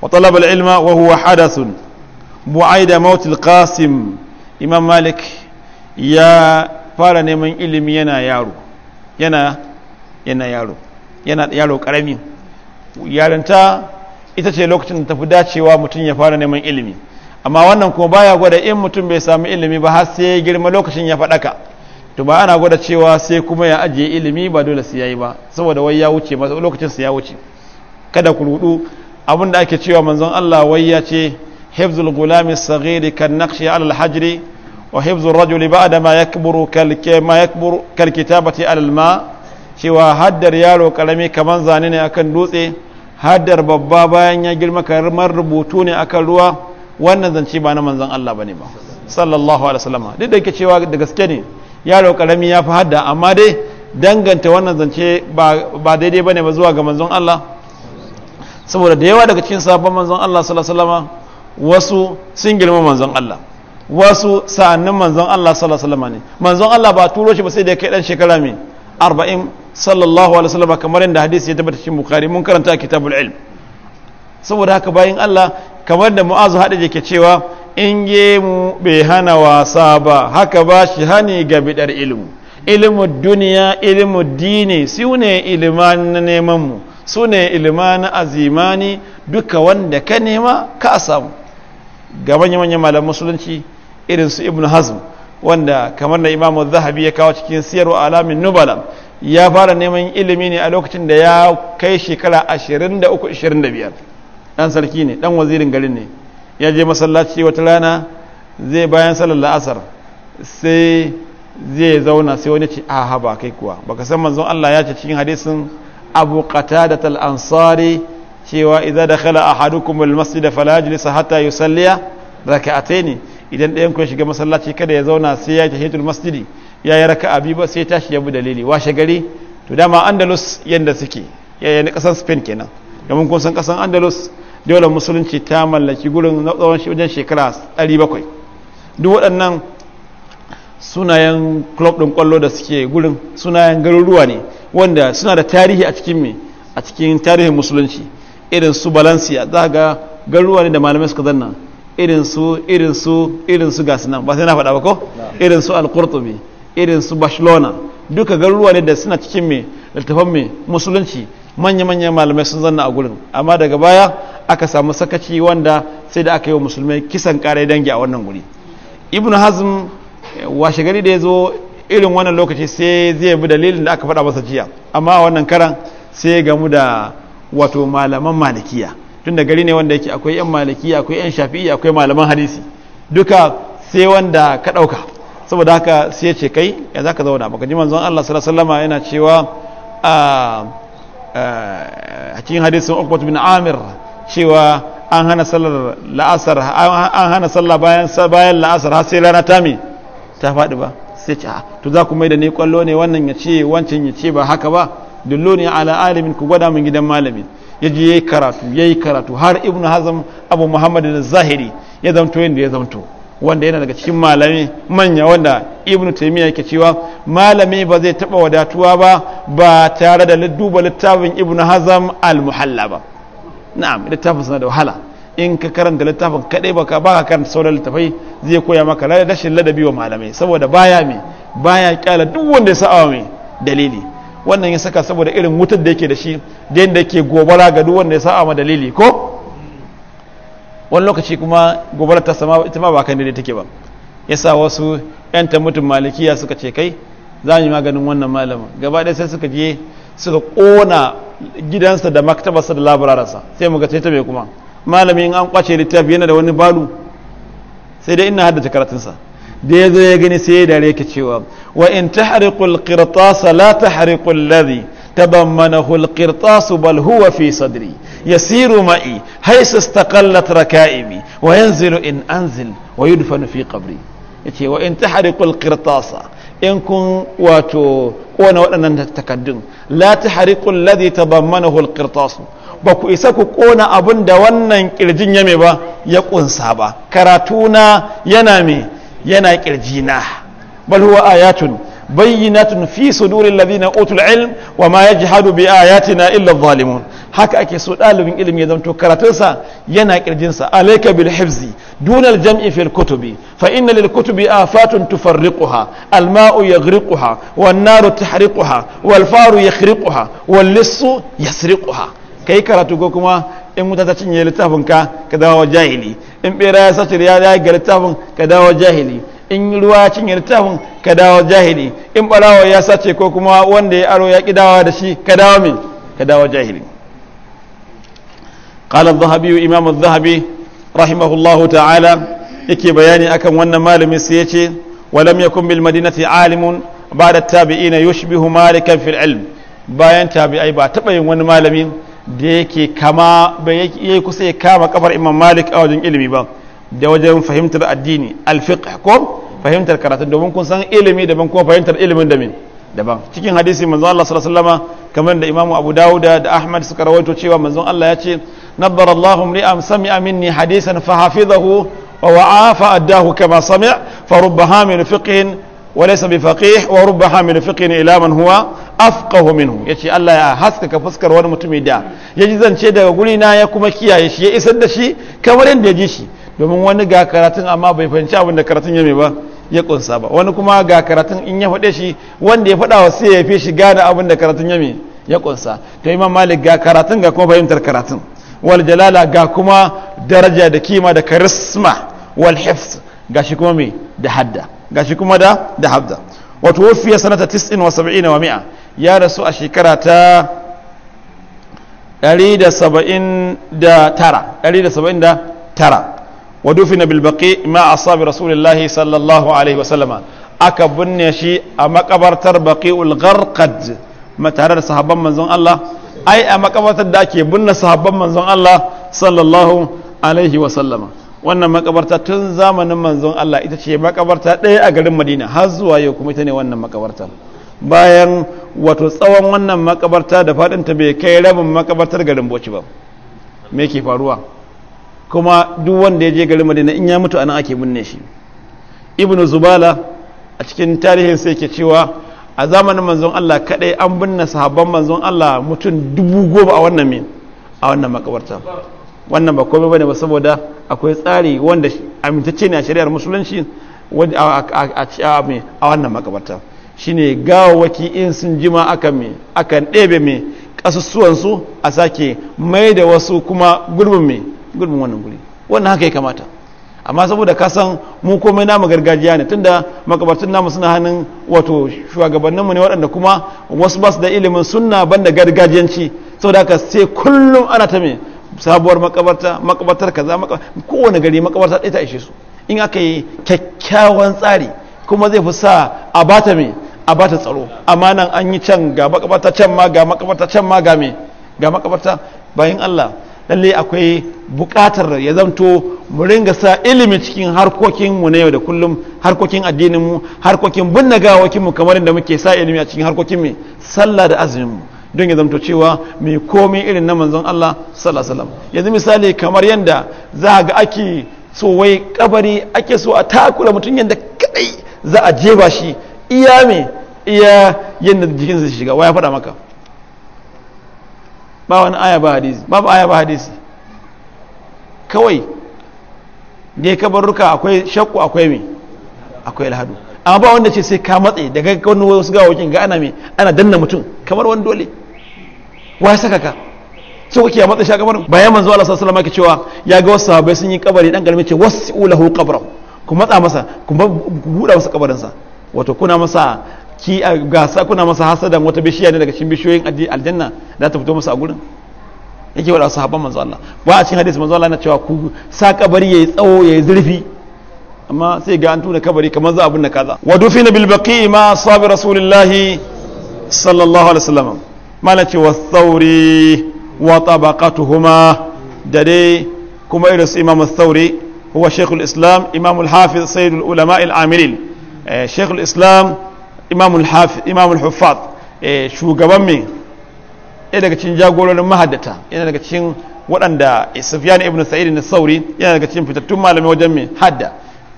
wa talaba al-ilma wa huwa hadathun bu'aida maut al-qasim imam malik ya fara neman ilimi yana yaro yana yana yaro yana yaro karami yaranta ita ce lokacin da tafi dacewa mutum ya fara neman ilimi amma wannan kuma baya gwada in mutum bai samu ilimi ba har sai girma lokacin ya faɗaka to ba ana gwada cewa sai kuma ya ajiye ilimi ba dole su yayi ba saboda wai ya wuce masa lokacin sa ya wuce kada ku rudu abin da ake cewa manzon Allah wai ya ce hifzul gulami saghiri kan naqshi ala alhajri wa hifzur rajuli ba'da ma yakburu kal ma yakburu kal kitabati ala alma cewa haddar yaro karami kaman zane ne akan dutse haddar babba bayan ya girma kamar rubutu ne akan ruwa wannan zance ba na manzon Allah bane ba sallallahu alaihi wasallam duk da yake cewa da gaske ne yaro karami ya fi hadda amma dai danganta wannan zance ba daidai ne ba zuwa ga manzon Allah saboda da yawa daga cikin sabon manzon Allah salasalama wasu sun girma manzon Allah wasu sa'annin manzon Allah salasalama ne manzon Allah ba turo shi ba sai da kai dan shekara mai arba'in sallallahu alaihi wasallam kamar yadda hadisi ya tabbata cikin bukhari mun karanta kitabul ilm saboda haka bayin Allah kamar da mu'azu hada ke cewa in gemu bai hana wasa ba haka ba shi hani ga bidar ilmu ilmu duniya ilmu dini su ne ilimani na nemanmu su ne iliman azimani duka wanda ka nema ka samu ga manya manya malam musulunci irin su ibn hazm wanda kamar na imamu zahabi ya kawo cikin siyarwa alamin nubala ya fara neman ilimi ne a lokacin da ya kai shekara 23-25 ɗan sarki ne dan wazirin garin ne ya je masallaci wata rana zai bayan salar la'asar sai zai zauna sai wani ce a haba kai kuwa baka san manzon Allah ya ce cikin hadisin abu kata da ansari cewa da dakhala ahadukum al masjid fala yajlis ta yusalliya ne idan ɗayan ku ya shiga masallaci kada ya zauna sai ya yi tun masjidi ya yi raka biyu ba sai tashi ya bi dalili washe gari to dama andalus yanda suke yayin kasan spain kenan domin kusan san kasan andalus dole musulunci ta mallaki gurin na tsawon wajen shekara 700 duk waɗannan sunayen club ɗin kwallo da suke gurin sunayen garuruwa ne wanda suna da tarihi a cikin me a cikin tarihin musulunci irin su balansiya za ga garuruwa ne da malamai suka zanna irin su irin su irin su ga nan ba sai na faɗa ba ko irin su alƙurtubi irin su barcelona duka garuruwa ne da suna cikin me littafan me musulunci manya-manyan malamai sun zanna a gurin amma daga baya aka samu sakaci wanda sai da aka yi wa musulmai kisan karai dangi a wannan guri ibn hazm eh, washe gari da ya zo irin wannan lokaci sai zai bi dalilin da aka faɗa masa jiya amma wannan karan sai gamu da wato malaman malikiya tun da gari ne wanda yake akwai yan malikiya akwai yan shafi'i akwai malaman hadisi duka sai wanda ka ɗauka saboda haka sai ce kai ya za ka zauna baka ji manzon allah sallallahu alaihi wasallama yana cewa ah, Eh, a cikin hadisin Uqbat bin Amir cewa an hana sallar la'asar an hana sallah bayan bayan la'asar har sai rana ta mi ta faɗi ba sai ce to za ku mai da ni kwallo ne wannan ya ce wancan ya ce ba haka ba dullo ne ala alimin ku gwada min gidan malamin ya je yayi karatu yayi karatu har ibnu hazm abu muhammad zahiri ya zanto yadda ya zanto. wanda yana daga cikin malami manya wanda ibn taimiyya yake cewa malami ba zai taba wadatuwa ba ba tare da duba littafin ibn hazam al-muhalla ba na'am littafin suna da wahala in ka karanta littafin kadai baka ba ka karanta sauran littafai zai koya maka rashin ladabi wa malamai saboda baya me baya kyala duk wanda ya sa'a mai dalili wannan ya saka saboda irin wutar da yake da shi da yadda yake gobara ga duk wanda ya sa'a ma dalili ko wani lokaci kuma gobarar ta sama ita ma ba kan daidai take ba sa wasu yan mutum malikiya suka ce kai za mu yi maganin wannan malamin gaba ɗaya sai suka je suka ƙona gidansa da maktabarsa da labararsa sai mu ga ta mai kuma malamin an kwace littafi yana da wani balu sai dai ina haddace karatunsa da ya zo ya gani sai ya dare ka cewa wa in tahriqul qirtasa la tahriqul ladhi تبمنه القرطاس بل هو في صدري يسير معي حيث استقلت ركائبي وينزل إن أنزل ويدفن في قبري yace wa in tahriqul qirtasa in kun wato kona waɗannan takaddun la tahriqul ladhi baku ba ku isa ku kona abin da wannan kirjin ya me ba ya kunsa ba karatuna yana me yana kirjina bal huwa ayatun bayyinatun fi sudurin ladina utul ilm wa ma yajhadu bi ayatina illa haka ake so ɗalibin ilimi ya zanto karatunsa yana kirjinsa alaika bil hifzi dun al jam'i fil kutubi fa inna lil kutubi afatun tufarriquha al ma'u yaghriquha wan naru tahriquha wal faru yakhriquha wal lissu yasriquha kai karatu ko kuma in wuta ta cinye littafin ka ka dawo jahili in bera ya sace ya ga littafin ka dawo jahili in ruwa ya cinye littafin ka dawo jahili in barawa ya sace ko kuma wanda ya aro ya ki dawa da shi ka dawo min ka dawo jahili qala adh-dhahabi imam adh rahimahullahu ta'ala yake bayani akan wannan malamin sai ce walam yakun bil madinati alimun tabi'i na yushbihu malikan fil ilm bayan tabi'ai ba taba yin wani malami da yake kama bai yi kusa ya kama kafar imam malik a wajen ilimi ba da wajen fahimtar addini alfiqh ko fahimtar karatun domin kun san ilimi daban kuma fahimtar ilimin da min daban cikin hadisi manzon Allah sallallahu alaihi wasallam kamar da Imam Abu Dawud da Ahmad suka rawaito cewa manzon Allah ya ce nabbar Allahu li'am sami'a minni hadisan fa hafizahu wa wa'afa addahu kama sami'a fa rubba hamil fiqhin wa laysa bi faqih wa rubba hamil fiqhin ila man huwa afqahu minhu yace Allah ya haskaka fuskar wani mutumi da yaji zance daga guri na ya kuma kiyaye shi ya isar da shi kamar yadda ya ji shi domin wani ga karatun amma bai fahimci abin da karatun ya mai ba ya kunsa ba wani kuma ga karatun in ya faɗe shi wanda ya faɗa wa sai ya fi shi gane abin da karatun ya ya kunsa to imam malik ga karatun ga kuma fahimtar karatun wal jalala ga kuma daraja da kima da karisma wal hifz shi kuma me da hadda ga shi kuma da da hadda wato tuwfiya sanata 79 wa mi'a ya rasu a shekara ta 179 179 ودفن بالبقي مع أصحاب رسول الله صلى الله عليه وسلم أكبن شيء أما كبرتر بقيء الغرقد ما تهرر صحابا من زن الله أي أما كبرتر داكي بن صحابا من زن الله صلى الله عليه وسلم wannan makabarta tun zamanin manzon Allah ita ce makabarta ɗaya a garin Madina har zuwa yau kuma ita ne wannan makabarta bayan wato tsawon wannan makabarta da faɗinta bai kai rabin makabartar garin Bauchi ba me ke faruwa kuma duk wanda ya je garin madina in ya mutu anan ake binne shi ibnu zubala a cikin tarihin sai ke cewa a zamanin manzon Allah kadai an binne sahabban manzon Allah mutum dubu goma a wannan min a wannan makabarta wannan ba komai bane ba saboda akwai tsari wanda amintacce ne a shari'ar musulunci a wannan makabarta shine gawawwaki in sun jima akan me akan ɗebe me ƙasusuwansu a sake mai da wasu kuma gurbin me gurbin wannan guri wannan haka ya kamata amma saboda kasan mu komai namu gargajiya ne tunda makabartun namu suna hannun wato shugabanninmu ne waɗanda kuma wasu ba su da ilimin sunna banda gargajiyanci saboda haka sai kullum ana ta me sabuwar makabarta makabartar kaza kowane gari makabarta ɗaya ta ishe su in aka yi kyakkyawan tsari kuma zai fi sa a bata me a bata tsaro amma nan an yi can ga makabarta can ma ga makabarta can ma ga me ga makabarta bayan Allah lalle akwai bukatar ya zamto mu ringa sa ilimi cikin harkokin mu na yau da kullum harkokin addinin mu harkokin binne gawakin mu kamar inda muke sa ilimi a cikin harkokin mu sallah da azumin mu don ya zamto cewa mai komai irin na manzon Allah sallallahu alaihi wasallam yanzu misali kamar yanda za ga ake so wai kabari ake so a takura mutum yanda kadai za a jeba shi iya me iya yanda zai shiga ya faɗa maka ba wani aya ba hadisi babu aya ba hadisi kawai dai ruka akwai shakku akwai me akwai alhadu amma ba wanda ce sai ka matse daga wani wasu gawakin ga ana me ana danna mutum kamar wani dole wa saka ka so kake ya matsa shagabar bayan manzo Allah sallallahu alaihi wasallam cewa ya ga wasu sahabbai sun yi kabari dan galmi ce wasu ulahu qabra ku matsa masa ku buɗa masa sa wato kuna masa ki a eh, gasa kuna masa hasadan wata bishiya ne daga cikin bishiyoyin aljanna da ta fito masa a gurin yake wa sahabban manzo Allah ba a cikin hadisi manzo Allah na cewa ku sa kabari yayi tsawo yayi zurfi amma sai ga an tuna kabari kamar za abun na kaza wa dufina bil baqi ma sabi rasulullahi sallallahu alaihi wasallam mala ce wasauri wa tabaqatuhuma da dai kuma irin su imam sauri huwa shaykhul islam imam al hafiz sayyidul ulama al amilin eh, shaykhul islam imamul hafiz imamul huffaz eh, shugaban mai ɗaya daga cikin jagororin mahaddata yana daga cikin waɗanda eh, sufyan ibn sa'id na sauri yana daga cikin fitattun malamai wajen mai hadda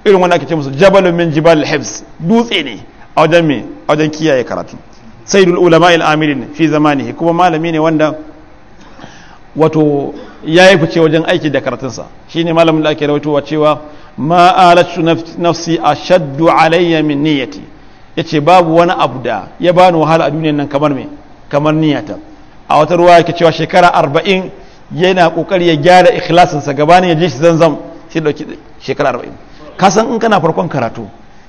irin wanda ake ce musu jabal min jibal hibs dutse ne a wajen mai a wajen kiyaye karatu sayyidul ulama il amirin fi zamanihi kuma malami ne wanda wato ya yi fice wajen aiki da karatunsa shine malamin da ake rawaitowa cewa ma alatu nafsi ashaddu alayya min niyyati ya ce babu wani abu da ya bani wahala a duniyan nan kamar mai kamar niyata a wata ruwa yake cewa shekara arba'in yana kokari ya gyara ikhlasinsa gabanin ya je shi zanzam dauki shekara arba'in kasan in kana farkon karatu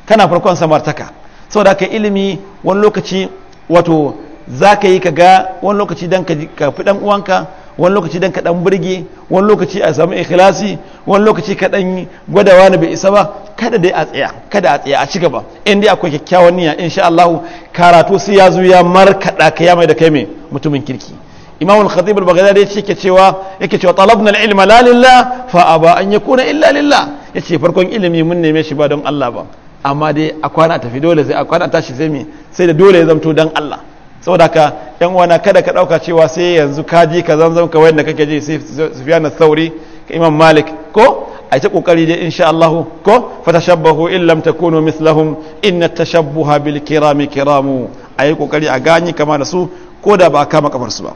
kana farkon samartaka saboda ka ilimi wani lokaci wato za ka yi ka ga wani lokaci dan ka fi dan uwanka wani lokaci dan kaɗan burge wani lokaci a samu ikhlasi wani lokaci kaɗan gwadawa na bai isa ba kada dai a tsaya kada a tsaya a ci gaba in dai akwai kyakkyawan niyya insha Allah karatu sai ya zo ya markaɗa ka ya mai da kai mai mutumin kirki imam al-khatib al-baghdadi yace ke cewa yake cewa talabna al-ilma la lillah fa aba an yakuna illa lillah yace farkon ilimi mun neme shi ba don Allah ba amma dai a tafi dole sai a kwana tashi sai me sai da dole ya zamto don Allah saboda ka yan wana kada ka dauka cewa sai yanzu ka ji ka zanzan ka wayanda kake ji Sufyan al-Thawri Imam Malik ko a ta kokari dai insha Allah ko fatashabbahu in lam takunu mislahum inna tashabbuha bil kirami kiramu ayi kokari a gani kama da su ko da ba kama kamar su ba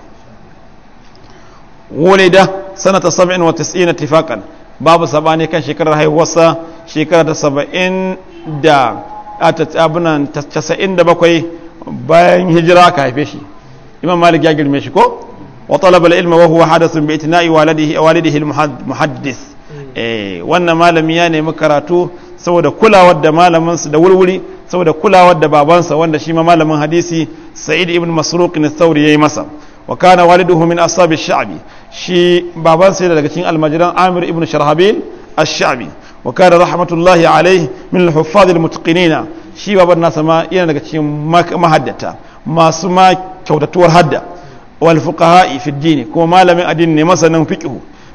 wulida sanata 97 tifaqan babu sabani kan shekarar haihuwarsa shekarar ta 70 da a ta abunan 97 bayan hijira ka haife shi imam malik ya girme shi ko wa talaba al-ilma wa huwa hadathun bi itna'i walidihi walidihi al-muhaddis mm. eh wannan malami ya nemi karatu saboda kulawar da malamin da wurwuri saboda kulawar da babansa wanda shi ma malamin hadisi sa'id ibn masruq ne sauri yayi masa wa kana waliduhu min ashabi sha'bi shi babansa yana daga cikin almajiran amir ibn sharhabil ash-sha'bi wa kana rahmatullahi alayhi min al-huffaz al shi babar nasa ma yana daga cikin mahaddata masu ma kyautatuwar hadda wal fuqaha'i fi dini kuma malamin addini ne masanin fiqh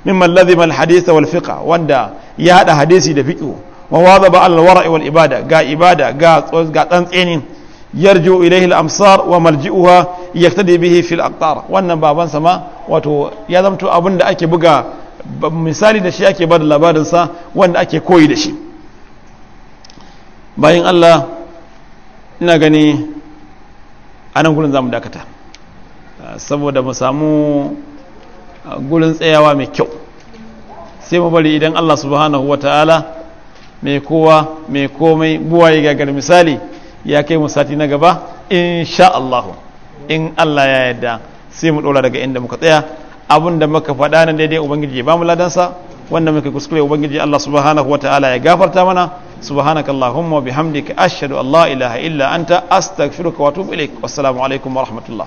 mimman lazima al hadith wal fiqh wanda ya hada hadisi da fiqh wa wadaba al wara'i wal ibada ga ibada ga ga tsantseni yarju ilayhi al amsar wa marji'uha yaktadi bihi fil aqtar wannan baban sama wato ya zamto abinda ake buga misali da shi ake bada labarin sa wanda ake koyi da shi bayan allah ina gani a nan za zamu dakata saboda mu samu gudun tsayawa mai kyau sai mu bari idan allah subhanahu wa ta'ala mai kowa mai komai buwaye gagar misali ya kai mu sati na gaba insha Allah in allah ya yadda sai mu dora daga inda muka tsaya abin da muka faɗa na daidai ubangiji ba mu ladansa wanda muka kuskure ubangiji allah subhanahu wa ta'ala ya gafarta mana subhanaka allahumma bihamdika ashhadu an la ilaha illa anta astaghfiruka wa atubu ilaik wassalamu alaikum wa